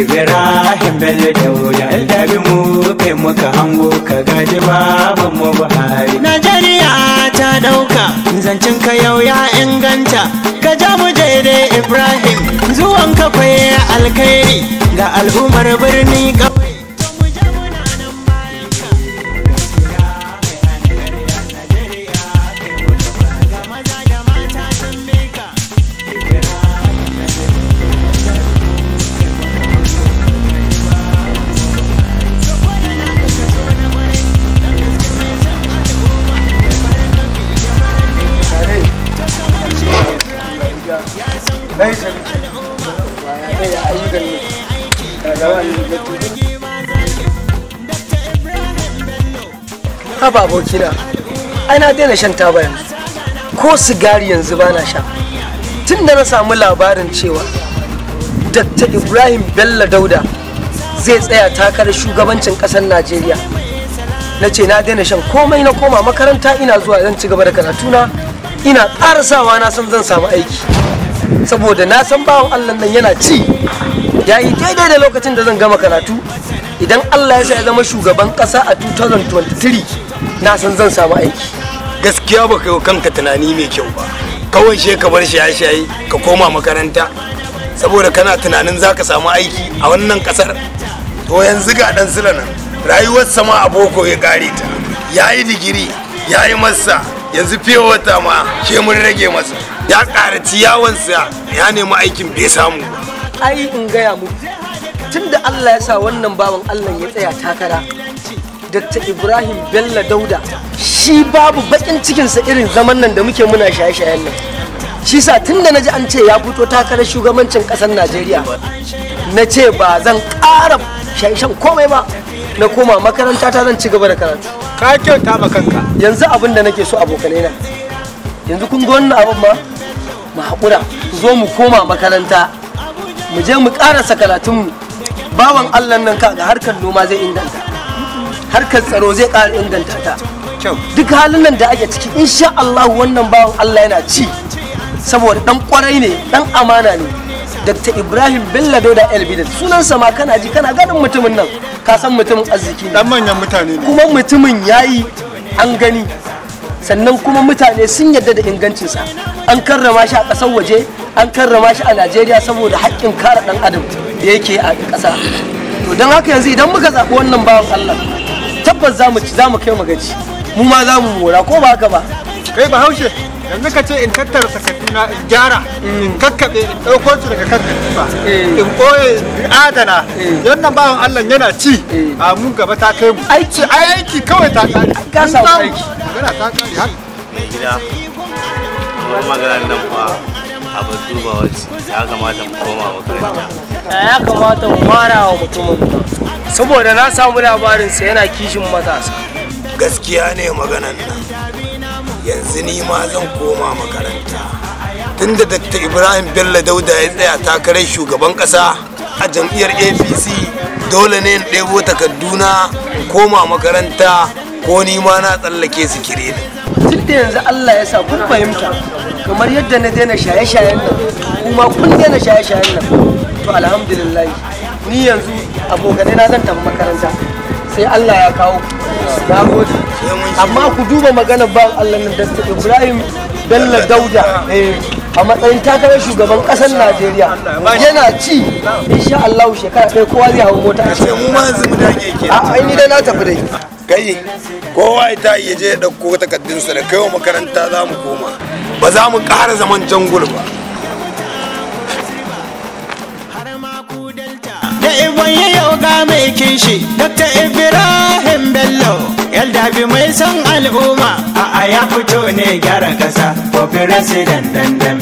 ibrahim bello da bi mu kai muka hango ka gaji baban mu buhari najeriya ta dauka zancen ka yau ya inganta ka ja mu ibrahim zuwan ka kwaye alkhairi ga al'ummar birni kawai ليس haba abokina na daina shan taba yanzu ko sigari yanzu ba na sha tun da na samu labarin cewa dr ibrahim bello dauda zai tsaya takarar shugabancin kasar najeriya na ce na daina shan komai na koma makaranta ina zuwa zan ci gaba da karatuna ina ƙarasawa na san zan samu aiki saboda na san bawan Allah nan yana ci ya yi daidai da lokacin da zan gama karatu idan Allah ya sa ya zama shugaban kasa a 2023 na san zan samu aiki gaskiya ba kai kanka tunani mai kyau ba kawai she ka bar shaye-shaye ka koma makaranta saboda kana tunanin za ka samu aiki a wannan kasar to yanzu ga dan sila nan rayuwar sama a boko ya gare ta yayi digiri ya yi masa yanzu fiye wata ma ke mun rage masa ya ƙara ciyawansa ya nemi aikin bai samu ba ai in gaya mu tun da Allah ya sa wannan baban Allah ya tsaya takara Dr. Ibrahim Bello Dauda shi babu bakin cikinsa irin zaman nan da muke muna shaye-shayen nan shi sa tun da naji an ce ya fito takarar shugabancin ƙasar Najeriya na ce ba zan ƙara shaye-shan komai ba na koma makaranta ta zan ci gaba da karatu ka kyauta ma kanka yanzu abin da nake so abokanai na yanzu kun ga wannan abin ma mu haƙura zo mu koma makaranta mu je mu ƙarasa karatunmu bawan allah nan ga harkar noma zai inganta harkar tsaro zai ƙara inganta ta duk halin nan da ake ciki insha Allah wannan bawan Allah yana ci saboda dan kwarai ne dan amana ne Dr. Ibrahim Bello Dauda Elbida sunansa ma kana ji kana ganin mutumin nan ka san mutumin arziki ne dan manyan mutane ne kuma mutumin yayi an gani sannan kuma mutane sun yarda da ingancinsa an karrama shi a ƙasar waje an karrama shi a Najeriya saboda haƙƙin kare ɗan adam da yake a ƙasa to don haka yanzu idan muka zaɓi wannan bawan Allah tabbas za ci za mu kai mu gaci mu ma za mu mora ko ba haka ba kai ba haushe yanzu ka ce in tattara sakatuna in gyara in kakkaɓe in ɗauko su daga kan kalifa eh. in ɓoye in adana yannan eh. bawan Allah yana ci eh. a mun gaba ta kai mu aiki aiki kawai ta kare ka samu aiki magana ta kare haka gida kuma magana nan ba abu duba wace ya kamata mu koma makaranta ya kamata mu fara wa mutumin saboda na samu labarin sa yana kishin matasa gaskiya ne maganan nan yanzu ni ma zan koma makaranta tunda dr ibrahim bello dauda ya tsaya takarar shugaban kasa a jam'iyyar apc dole ne in ɗebo takarduna koma makaranta ko ni ma na tsallake su kire ni tun da yanzu allah ya sa kun fahimta kamar yadda na daina shaye-shayen nan kuma kun daina shaye-shayen nan to alhamdulillah ni yanzu abokanai na zan tafi makaranta sai Allah ya kawo gode amma ku duba magana ba Allah nan Dr. Ibrahim Bello Dauda eh, a matsayin takarar shugaban kasar Najeriya yana ci insha Allah shekara sai kowa zai hawo mota a ce mu ma yanzu mu dage ke a ai ni dai na tafi dai kai kowa ita ya je ya dauko sa da kai wa makaranta za mu koma ba za mu ƙara zaman jangul ba da ibo ya yau ga mai kinshi dr ibe ya fito ne gyara kasa for president dandam.